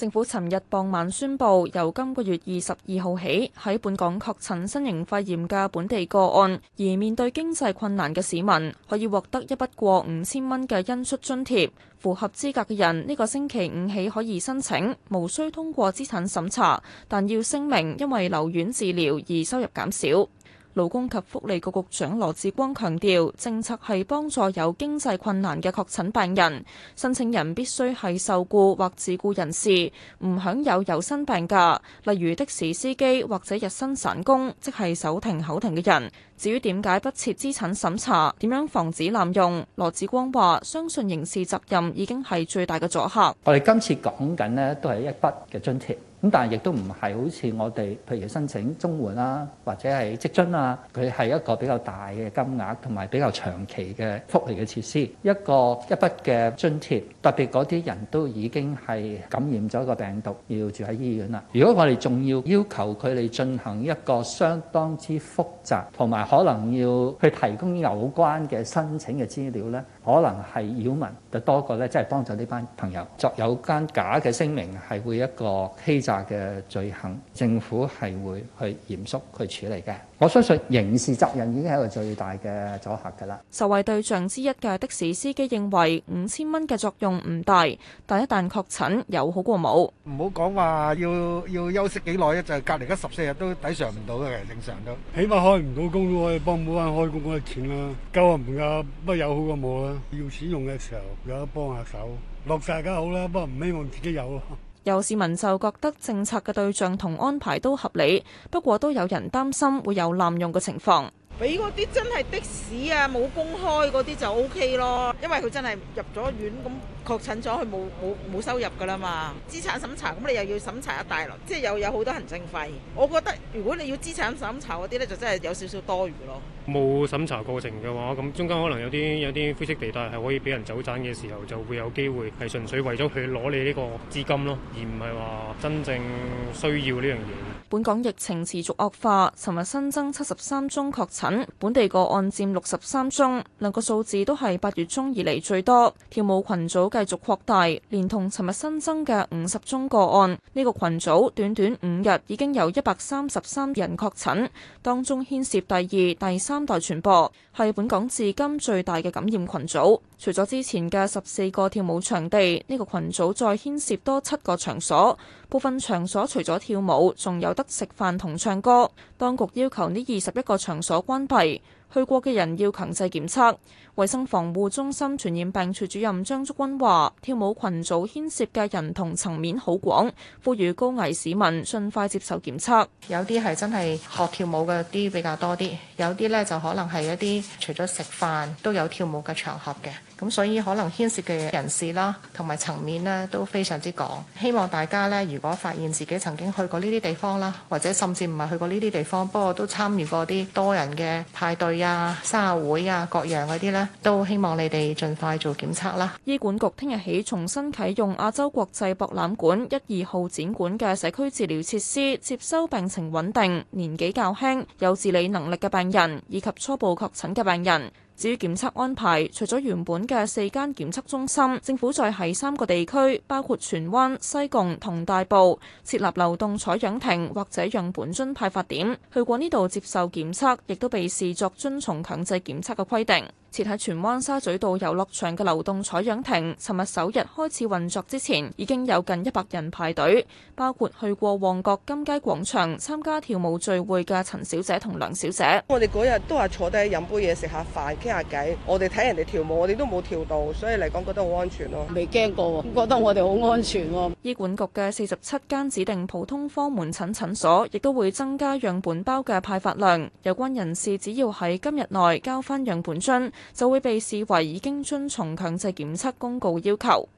政府尋日傍晚宣布，由今個月二十二號起，喺本港確診新型肺炎嘅本地個案，而面對經濟困難嘅市民，可以獲得一筆過五千蚊嘅恩恤津貼。符合資格嘅人呢個星期五起可以申請，無需通過資產審查，但要聲明因為留院治療而收入減少。勞工及福利局局長羅致光強調，政策係幫助有經濟困難嘅確診病人，申請人必須係受僱或自僱人士，唔享有有薪病假，例如的士司機或者日薪散工，即係手停口停嘅人。至於點解不設資產審查，點樣防止濫用？羅致光話：相信刑事責任已經係最大嘅阻嚇。我哋今次講緊呢都係一筆嘅津貼，咁但係亦都唔係好似我哋譬如申請綜援啦，或者係職津啊，佢係一個比較大嘅金額同埋比較長期嘅福利嘅設施。一個一筆嘅津貼，特別嗰啲人都已經係感染咗個病毒，要住喺醫院啦。如果我哋仲要要求佢哋進行一個相當之複雜同埋，可能要去提供有關嘅申請嘅資料咧。可能係擾民就多過咧，即係幫助呢班朋友作有間假嘅聲明係會一個欺詐嘅罪行，政府係會去嚴肅去處理嘅。我相信刑事責任已經係一個最大嘅阻嚇㗎啦。受惠對象之一嘅的，的士司機認為五千蚊嘅作用唔大，但一旦確診有好過冇。唔好講話要要休息幾耐咧，就係隔離得十四日都抵償唔到嘅，正常都起碼開唔到工都可以幫唔到翻開工嗰啲錢啦，夠唔夠？不過有好過冇啦。要錢用嘅時候有得幫下手，落晒梗好啦，不過唔希望自己有咯。有市民就覺得政策嘅對象同安排都合理，不過都有人擔心會有濫用嘅情況。俾嗰啲真係的士啊冇公開嗰啲就 OK 咯，因為佢真係入咗院咁。確診咗佢冇冇冇收入㗎啦嘛，資產審查咁你又要審查一大輪，即係又有好多行政費。我覺得如果你要資產審查嗰啲咧，就真係有少少多餘咯。冇審查過程嘅話，咁中間可能有啲有啲灰色地帶係可以俾人走盞嘅時候，就會有機會係純粹為咗去攞你呢個資金咯，而唔係話真正需要呢樣嘢。本港疫情持續惡化，尋日新增七十三宗確診，本地個案佔六十三宗，兩個數字都係八月中以嚟最多。跳舞群組嘅，繼續擴大，連同尋日新增嘅五十宗個案，呢個群組短短五日已經有一百三十三人確診，當中牽涉第二、第三代傳播，係本港至今最大嘅感染群組。除咗之前嘅十四個跳舞場地，呢個群組再牽涉多七個場所，部分場所除咗跳舞，仲有得食飯同唱歌。當局要求呢二十一個場所關閉。去過嘅人要強制檢測。衛生防護中心傳染病處主任張竹君話，跳舞群組牽涉嘅人同層面好廣，呼吁高危市民盡快接受檢測。有啲係真係學跳舞嘅啲比較多啲，有啲咧就可能係一啲除咗食飯都有跳舞嘅場合嘅。咁所以可能牽涉嘅人士啦，同埋層面咧都非常之廣，希望大家咧，如果發現自己曾經去過呢啲地方啦，或者甚至唔係去過呢啲地方，不過都參與過啲多人嘅派對啊、生日會啊、各樣嗰啲咧，都希望你哋盡快做檢測啦。醫管局聽日起重新啟用亞洲國際博覽館一、二號展館嘅社區治療設施，接收病情穩定、年紀較輕、有自理能力嘅病人，以及初步確診嘅病人。至於檢測安排，除咗原本嘅四間檢測中心，政府再喺三個地區，包括荃灣、西貢同大埔設立流動採樣亭或者樣本樽派發點。去過呢度接受檢測，亦都被視作遵從強制檢測嘅規定。設喺荃灣沙咀道遊樂場嘅流動採樣亭，尋日首日開始運作之前，已經有近一百人排隊，包括去過旺角金街廣場參加跳舞聚會嘅陳小姐同梁小姐。我哋嗰日都係坐低飲杯嘢食下飯。下我哋睇人哋跳舞，我哋都冇跳到，所以嚟講覺得好安全咯，未驚過，覺得我哋好安全咯。醫管局嘅四十七間指定普通科門診診所，亦都會增加樣本包嘅派發量。有關人士只要喺今日內交翻樣本樽，就會被視為已經遵從強制檢測公告要求。